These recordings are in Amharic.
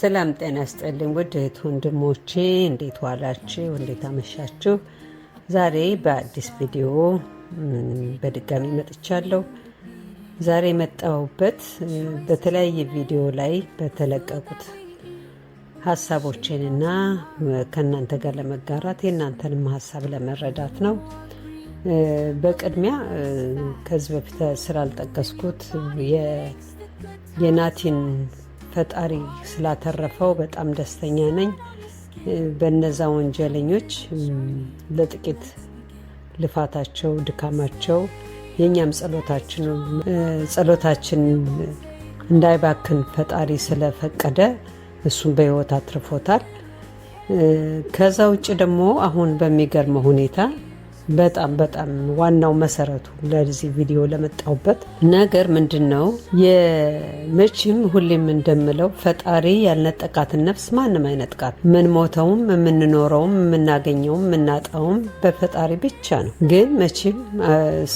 ሰላም ጤና ያስጠልኝ ውድ እህት ወንድሞቼ፣ እንዴት ዋላችሁ? እንዴት አመሻችሁ? ዛሬ በአዲስ ቪዲዮ በድጋሚ መጥቻለሁ። ዛሬ የመጣሁበት በተለያየ ቪዲዮ ላይ በተለቀቁት ሀሳቦችንና ከእናንተ ጋር ለመጋራት የእናንተንም ሀሳብ ለመረዳት ነው። በቅድሚያ ከዚህ በፊት ስላልጠቀስኩት የናቲን ፈጣሪ ስላተረፈው በጣም ደስተኛ ነኝ። በነዛ ወንጀለኞች ለጥቂት ልፋታቸው፣ ድካማቸው የእኛም ጸሎታችን እንዳይባክን ፈጣሪ ስለፈቀደ እሱም በህይወት አትርፎታል። ከዛ ውጭ ደግሞ አሁን በሚገርመው ሁኔታ በጣም በጣም ዋናው መሰረቱ ለዚህ ቪዲዮ ለመጣሁበት ነገር ምንድን ነው የመቼም ሁሌም እንደምለው ፈጣሪ ያልነጠቃትን ነፍስ ማንም አይነጥቃት። የምንሞተውም የምንኖረውም የምናገኘውም የምናጣውም በፈጣሪ ብቻ ነው። ግን መቼም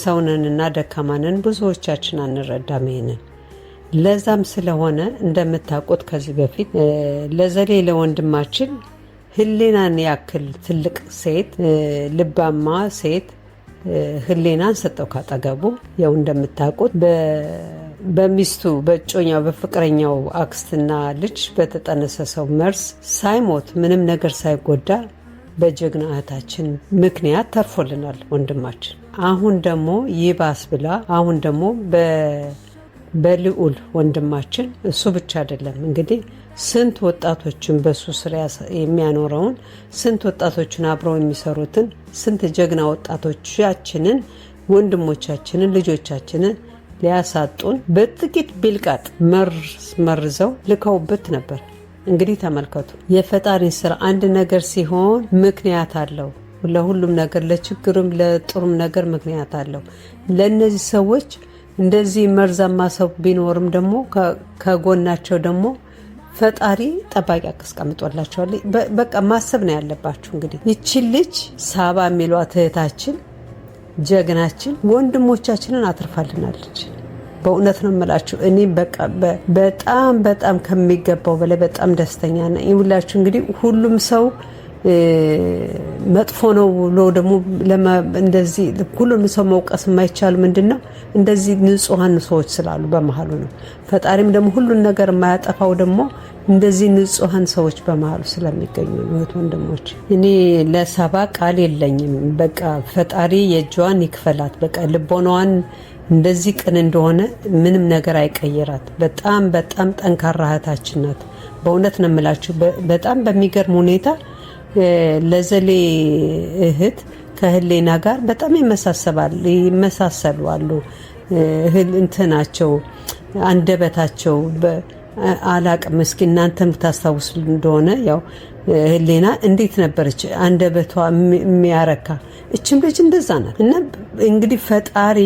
ሰውነንና ደካማንን ብዙዎቻችን አንረዳም ይሄንን ለዛም ስለሆነ እንደምታውቁት ከዚህ በፊት ለዘሌ ለወንድማችን ህሌናን ያክል ትልቅ ሴት፣ ልባማ ሴት ህሌናን ሰጠው ካጠገቡ። ያው እንደምታውቁት በሚስቱ በእጮኛው በፍቅረኛው አክስትና ልጅ በተጠነሰሰው መርዝ ሳይሞት ምንም ነገር ሳይጎዳ በጀግና እህታችን ምክንያት ተርፎልናል ወንድማችን። አሁን ደግሞ ይባስ ብላ አሁን ደግሞ በልዑል ወንድማችን እሱ ብቻ አይደለም እንግዲህ ስንት ወጣቶችን በሱ ስር የሚያኖረውን ስንት ወጣቶችን አብረው የሚሰሩትን ስንት ጀግና ወጣቶቻችንን ወንድሞቻችንን ልጆቻችንን ሊያሳጡን በጥቂት ቢልቃጥ መርዝ መርዘው ልከውበት ነበር። እንግዲህ ተመልከቱ የፈጣሪን ስራ። አንድ ነገር ሲሆን ምክንያት አለው። ለሁሉም ነገር ለችግርም ለጥሩም ነገር ምክንያት አለው። ለእነዚህ ሰዎች እንደዚህ መርዛማ ሰው ቢኖርም ደግሞ ከጎናቸው ደግሞ ፈጣሪ ጠባቂ አስቀምጦላቸዋል። በቃ ማሰብ ነው ያለባችሁ። እንግዲህ ይችን ልጅ ሳባ የሚሏት እህታችን ጀግናችን ወንድሞቻችንን አትርፋልናለች። በእውነት ነው የምላችሁ። እኔ በጣም በጣም ከሚገባው በላይ በጣም ደስተኛ ነኝ። ይሁላችሁ እንግዲህ ሁሉም ሰው መጥፎ ነው ብሎ ደግሞ እንደዚህ ሁሉን ሰው መውቀስ የማይቻል ምንድን ነው እንደዚህ ንጹሐን ሰዎች ስላሉ በመሀሉ ነው። ፈጣሪም ደግሞ ሁሉን ነገር የማያጠፋው ደግሞ እንደዚህ ንጹሐን ሰዎች በመሀሉ ስለሚገኙ ነው። እህት ወንድሞች፣ እኔ ለሰባ ቃል የለኝም። በቃ ፈጣሪ የእጇን ይክፈላት። በቃ ልቦናዋን እንደዚህ ቅን እንደሆነ ምንም ነገር አይቀይራት። በጣም በጣም ጠንካራ እህታችን ናት። በእውነት ነው የምላችሁ በጣም በሚገርም ሁኔታ ለዘሌ እህት ከህሌና ጋር በጣም ይመሳሰባል ይመሳሰሉ አሉ። እህል እንትናቸው አንደበታቸው አላቅም። እስኪ እናንተም ታስታውስ እንደሆነ ያው ህሌና እንዴት ነበረች? አንደበቷ የሚያረካ እችም ልጅ እንደዛ ናት። እና እንግዲህ ፈጣሪ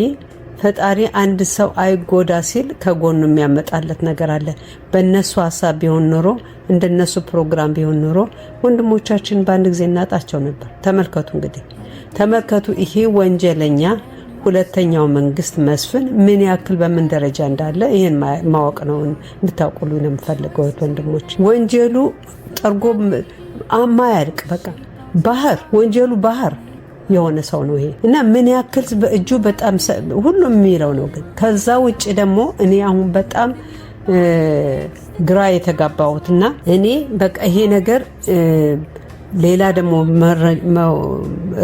ፈጣሪ አንድ ሰው አይጎዳ ሲል ከጎኑ የሚያመጣለት ነገር አለ። በእነሱ ሀሳብ ቢሆን ኖሮ እንደነሱ ፕሮግራም ቢሆን ኑሮ ወንድሞቻችን በአንድ ጊዜ እናጣቸው ነበር። ተመልከቱ እንግዲህ ተመልከቱ፣ ይሄ ወንጀለኛ ሁለተኛው መንግስት መስፍን ምን ያክል በምን ደረጃ እንዳለ ይህን ማወቅ ነው እንድታውቁሉ ነው የምፈልገው ወንድሞች። ወንጀሉ ጠርጎ ማያልቅ በቃ ባህር ወንጀሉ ባህር የሆነ ሰው ነው ይሄ እና ምን ያክል በእጁ በጣም ሁሉም የሚለው ነው። ግን ከዛ ውጭ ደግሞ እኔ አሁን በጣም ግራ የተጋባሁት እና እኔ በቃ ይሄ ነገር ሌላ ደግሞ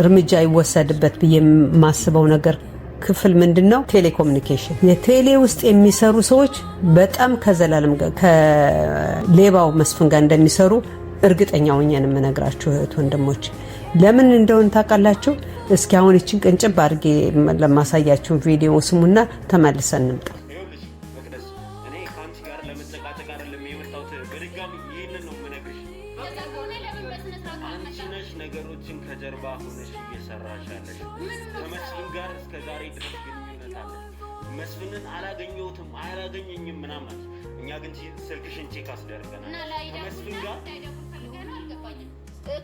እርምጃ ይወሰድበት ብዬ የማስበው ነገር ክፍል ምንድን ነው? ቴሌኮሙኒኬሽን የቴሌ ውስጥ የሚሰሩ ሰዎች በጣም ከዘላለም ከሌባው መስፍን ጋር እንደሚሰሩ እርግጠኛ ሆኜ የምነግራችሁ እህት ወንድሞች። ለምን እንደሆን ታውቃላችሁ? እስኪ አሁን ይችን ቅንጭብ አድርጌ ለማሳያችሁ ቪዲዮ ስሙና ተመልሰን እንምጣ። ይህንን ነው የምነግርሽ። አንቺ ነሽ ነገሮችን ከጀርባ ሆነሽ እየሰራሽ ያለሽ። ከመስፍን ጋር እስከ ዛሬ ድረስ ግንኙነት መስፍንን አላገኘሁትም አላገኘኝም ምናምን፣ እኛ ግን ስልክሽን ቼክ አስደርገናል። ከመስፍን ጋር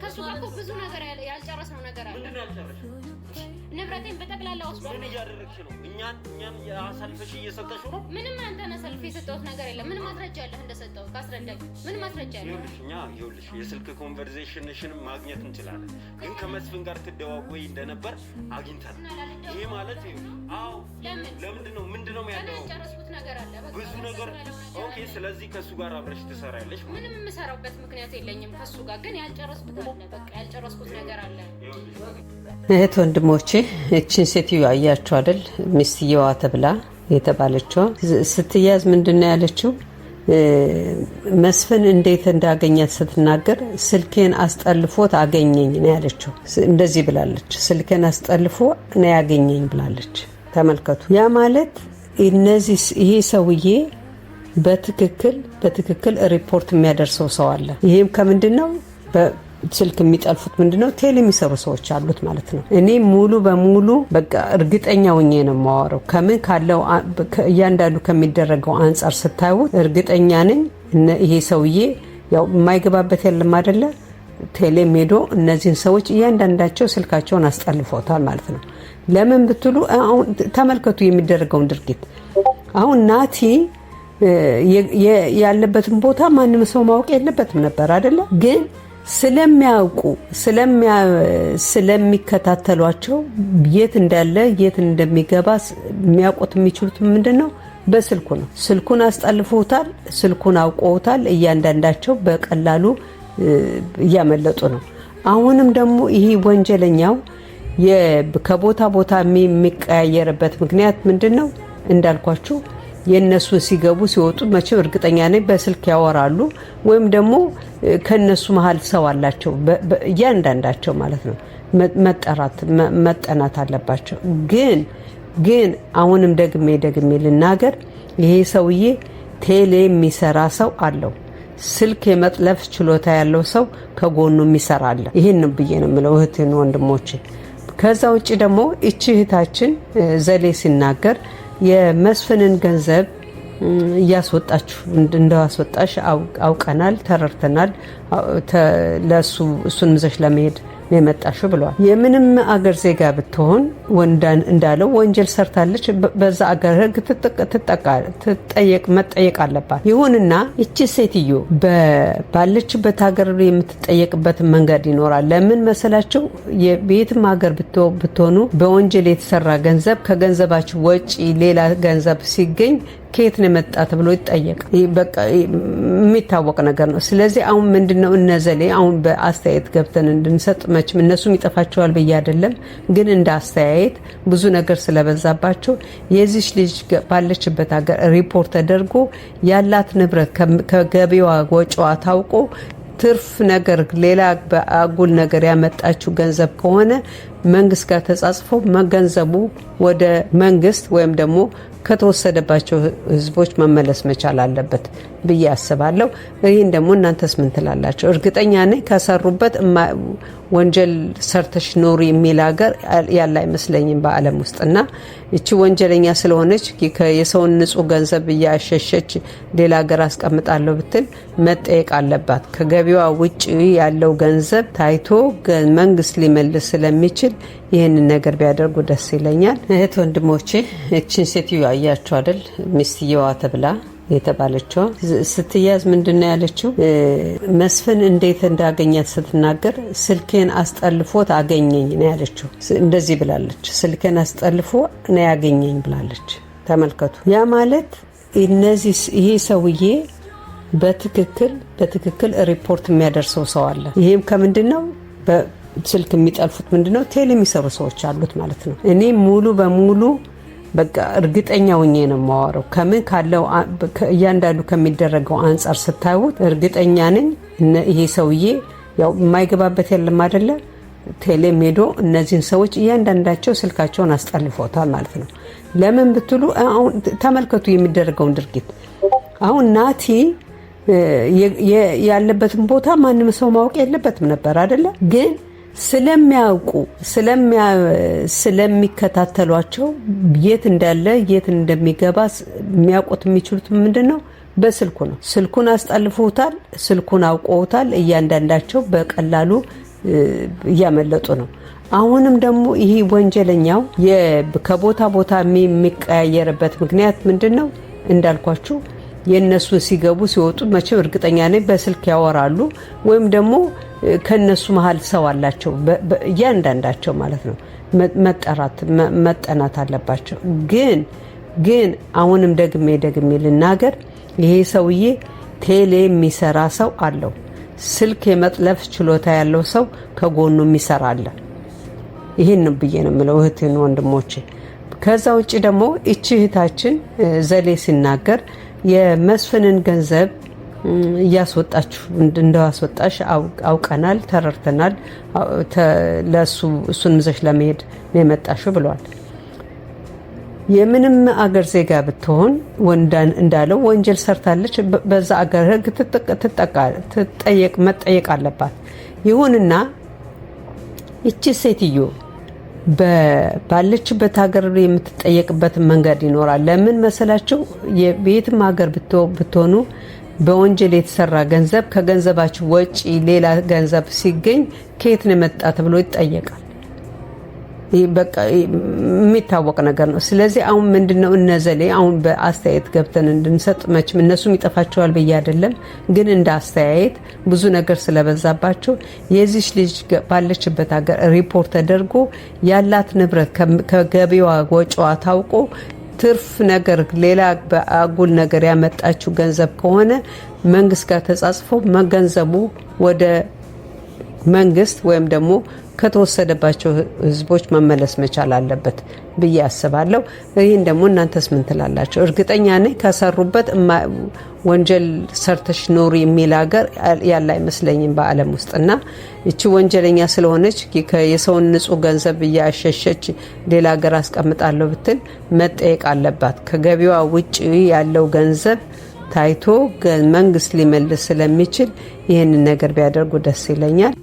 ከሱ ጋር ብዙ ነገር ያልጨረስነው ነገር አለ ምንድን ንብረቴን በጠቅላላ ወስዶ ምን እያደረግሽ ነው? እኛን እኛን ሰልፍሽ እየሰጠሽ ነው? ምንም አንተነ ሰልፍ የሰጠሁት ነገር የለም። ምን ማስረጃ አለህ እንደሰጠሁት? ካስረዳኝ ምን ማስረጃ አለህ? ይኸውልሽ እኛ ይኸውልሽ የስልክ ኮንቨርሴሽንሽን ማግኘት እንችላለን፣ ግን ከመስፍን ጋር ትደዋወይ እንደነበር አግኝተን ይሄ ማለት አዎ። ለምን ለምንድን ነው ምንድን ነው ያለው? ጨረስኩት ነገር አለ ብዙ ነገር ኦኬ። ስለዚህ ከእሱ ጋር አብረሽ ትሰራለሽ? ምንም የምሰራበት ምክንያት የለኝም ከእሱ ጋር ግን ያልጨረስኩት አለ በቃ ያልጨረስኩት ነገር አለ። እህት ወንድሞቼ እንግዲህ እችን ሴትዮ አያችሁ አይደል? ሚስትየዋ ተብላ የተባለችዋ ስትያዝ ምንድን ነው ያለችው? መስፍን እንዴት እንዳገኛት ስትናገር ስልኬን አስጠልፎት አገኘኝ ነው ያለችው። እንደዚህ ብላለች። ስልኬን አስጠልፎ ነው ያገኘኝ ብላለች። ተመልከቱ። ያ ማለት እነዚህ ይሄ ሰውዬ በትክክል በትክክል ሪፖርት የሚያደርሰው ሰው አለ። ይሄም ከምንድን ነው ስልክ የሚጠልፉት ምንድነው ቴሌ የሚሰሩ ሰዎች አሉት ማለት ነው። እኔ ሙሉ በሙሉ በቃ እርግጠኛ ሆኜ ነው የማወራው። ከምን ካለው እያንዳንዱ ከሚደረገው አንጻር ስታዩት እርግጠኛ ነኝ ይሄ ሰውዬ ያው የማይገባበት የለም አደለ? ቴሌም ሄዶ እነዚህን ሰዎች እያንዳንዳቸው ስልካቸውን አስጠልፎታል ማለት ነው። ለምን ብትሉ አሁን ተመልከቱ የሚደረገውን ድርጊት። አሁን ናቲ ያለበትን ቦታ ማንም ሰው ማወቅ የለበትም ነበር አደለ? ግን ስለሚያውቁ ስለሚከታተሏቸው የት እንዳለ የት እንደሚገባ የሚያውቁት የሚችሉት ምንድን ነው? በስልኩ ነው። ስልኩን አስጠልፎታል። ስልኩን አውቀውታል። እያንዳንዳቸው በቀላሉ እያመለጡ ነው። አሁንም ደግሞ ይሄ ወንጀለኛው ከቦታ ቦታ የሚቀያየርበት ምክንያት ምንድን ነው እንዳልኳችሁ የእነሱ ሲገቡ ሲወጡ መቼም እርግጠኛ ነኝ በስልክ ያወራሉ ወይም ደግሞ ከእነሱ መሀል ሰው አላቸው። እያንዳንዳቸው ማለት ነው መጠራት መጠናት አለባቸው። ግን ግን አሁንም ደግሜ ደግሜ ልናገር፣ ይሄ ሰውዬ ቴሌ የሚሰራ ሰው አለው። ስልክ የመጥለፍ ችሎታ ያለው ሰው ከጎኑ የሚሰራ አለ። ይህን ብዬ ነው የምለው እህትን ወንድሞች። ከዛ ውጭ ደግሞ እቺ እህታችን ዘሌ ሲናገር የመስፍንን ገንዘብ እያስወጣችሁ እንዳስወጣሽ አውቀናል፣ ተረድተናል። ለእሱ እሱን ምዘሽ ለመሄድ ነው የመጣሽው ብለዋል። የምንም አገር ዜጋ ብትሆን ወንዳን እንዳለው ወንጀል ሰርታለች፣ በዛ አገር ህግ ትጠየቅ መጠየቅ አለባት። ይሁንና ይቺ ሴትዮ ባለችበት ሀገር የምትጠየቅበት መንገድ ይኖራል። ለምን መሰላቸው? የቤትም ሀገር ብትሆኑ በወንጀል የተሰራ ገንዘብ ከገንዘባችሁ ወጪ ሌላ ገንዘብ ሲገኝ ከየት ነው የመጣ ተብሎ ይጠየቃል። የሚታወቅ ነገር ነው። ስለዚህ አሁን ምንድነው እነዘሌ አሁን በአስተያየት ገብተን እንድንሰጥ መችም እነሱም ይጠፋቸዋል ብዬ አይደለም፣ ግን እንደ አስተያየት ብዙ ነገር ስለበዛባቸው የዚች ልጅ ባለችበት ሀገር ሪፖርት ተደርጎ ያላት ንብረት ከገቢዋ ወጪዋ ታውቆ ትርፍ ነገር ሌላ በአጉል ነገር ያመጣችው ገንዘብ ከሆነ መንግስት ጋር ተጻጽፎ መገንዘቡ ወደ መንግስት ወይም ደግሞ ከተወሰደባቸው ህዝቦች መመለስ መቻል አለበት ብዬ አስባለሁ። ይህን ደግሞ እናንተስ ምን ትላላቸው? እርግጠኛ ነኝ ከሰሩበት ወንጀል ሰርተሽ ኖሪ የሚል ሀገር ያለ አይመስለኝም በዓለም ውስጥ እና እቺ ወንጀለኛ ስለሆነች የሰውን ንጹህ ገንዘብ እያሸሸች ሌላ ሀገር አስቀምጣለሁ ብትል መጠየቅ አለባት። ከገቢዋ ውጭ ያለው ገንዘብ ታይቶ መንግስት ሊመልስ ስለሚችል ይህንን ነገር ቢያደርጉ ደስ ይለኛል። እህት ወንድሞቼ፣ እችን ሴትዮ አያችሁ አይደል? ሚስትየዋ ተብላ የተባለችዋ ስትያዝ ምንድን ነው ያለችው? መስፍን እንዴት እንዳገኛት ስትናገር ስልኬን አስጠልፎት አገኘኝ ነው ያለችው። እንደዚህ ብላለች። ስልኬን አስጠልፎ ነው ያገኘኝ ብላለች። ተመልከቱ። ያ ማለት እነዚህ ይሄ ሰውዬ በትክክል በትክክል ሪፖርት የሚያደርሰው ሰው አለ። ይህም ከምንድን ነው ስልክ የሚጠልፉት ምንድነው ቴል የሚሰሩ ሰዎች አሉት ማለት ነው። እኔ ሙሉ በሙሉ በቃ እርግጠኛ ሁኜ ነው የማወራው። ከምን ካለው እያንዳንዱ ከሚደረገው አንጻር ስታዩት እርግጠኛ ነኝ ይሄ ሰውዬ ያው የማይገባበት የለም አይደለ? ቴሌም ሄዶ እነዚህን ሰዎች እያንዳንዳቸው ስልካቸውን አስጠልፎታል ማለት ነው። ለምን ብትሉ አሁን ተመልከቱ የሚደረገውን ድርጊት። አሁን ናቲ ያለበትን ቦታ ማንም ሰው ማወቅ የለበትም ነበር አይደለ? ግን ስለሚያውቁ ስለሚከታተሏቸው የት እንዳለ የት እንደሚገባ የሚያውቁት የሚችሉት ምንድን ነው? በስልኩ ነው። ስልኩን አስጠልፎታል። ስልኩን አውቀውታል። እያንዳንዳቸው በቀላሉ እያመለጡ ነው። አሁንም ደግሞ ይህ ወንጀለኛው ከቦታ ቦታ የሚቀያየርበት ምክንያት ምንድን ነው? እንዳልኳችሁ የእነሱ ሲገቡ ሲወጡ መቼም እርግጠኛ ነኝ በስልክ ያወራሉ ወይም ደግሞ ከነሱ መሀል ሰው አላቸው እያንዳንዳቸው ማለት ነው። መጠራት መጠናት አለባቸው። ግን ግን አሁንም ደግሜ ደግሜ ልናገር፣ ይሄ ሰውዬ ቴሌ የሚሰራ ሰው አለው። ስልክ የመጥለፍ ችሎታ ያለው ሰው ከጎኑ የሚሰራ አለ። ይህን ብዬ ነው የምለው እህትን ወንድሞቼ። ከዛ ውጭ ደግሞ እቺ እህታችን ዘሌ ሲናገር የመስፍንን ገንዘብ እያስወጣችሁ እንደዋስወጣሽ አውቀናል፣ ተረድተናል። ለእሱ እሱን ምዘሽ ለመሄድ ነው የመጣሽው ብለዋል። የምንም አገር ዜጋ ብትሆን ወንዳን እንዳለው ወንጀል ሰርታለች፣ በዛ አገር ህግ ትጠየቅ መጠየቅ አለባት። ይሁንና ይቺ ሴትዮ ባለችበት ሀገር የምትጠየቅበት መንገድ ይኖራል። ለምን መሰላቸው? የቤትም ሀገር ብትሆኑ በወንጀል የተሰራ ገንዘብ ከገንዘባችሁ ወጪ ሌላ ገንዘብ ሲገኝ ከየት ነው የመጣ ተብሎ ይጠየቃል። በቃ የሚታወቅ ነገር ነው። ስለዚህ አሁን ምንድነው እነዘሌ አሁን በአስተያየት ገብተን እንድንሰጥ መችም እነሱም ይጠፋቸዋል ብዬ አይደለም፣ ግን እንደ አስተያየት ብዙ ነገር ስለበዛባቸው የዚች ልጅ ባለችበት ሀገር ሪፖርት ተደርጎ ያላት ንብረት ከገቢዋ ወጪዋ ታውቆ ትርፍ ነገር ሌላ በአጉል ነገር ያመጣችው ገንዘብ ከሆነ መንግስት ጋር ተጻጽፎ መገንዘቡ ወደ መንግስት ወይም ደግሞ ከተወሰደባቸው ህዝቦች መመለስ መቻል አለበት ብዬ አስባለሁ። ይህን ደግሞ እናንተስ ምን ትላላቸው? እርግጠኛ ነኝ ከሰሩበት ወንጀል ሰርተሽ ኖሪ የሚል ሀገር ያለ አይመስለኝም በዓለም እና እቺ ወንጀለኛ ስለሆነች የሰውን ንጹህ ገንዘብ እያሸሸች ሌላ ሀገር አስቀምጣለሁ ብትል መጠየቅ አለባት። ከገቢዋ ውጭ ያለው ገንዘብ ታይቶ መንግስት ሊመልስ ስለሚችል ይህንን ነገር ቢያደርጉ ደስ ይለኛል።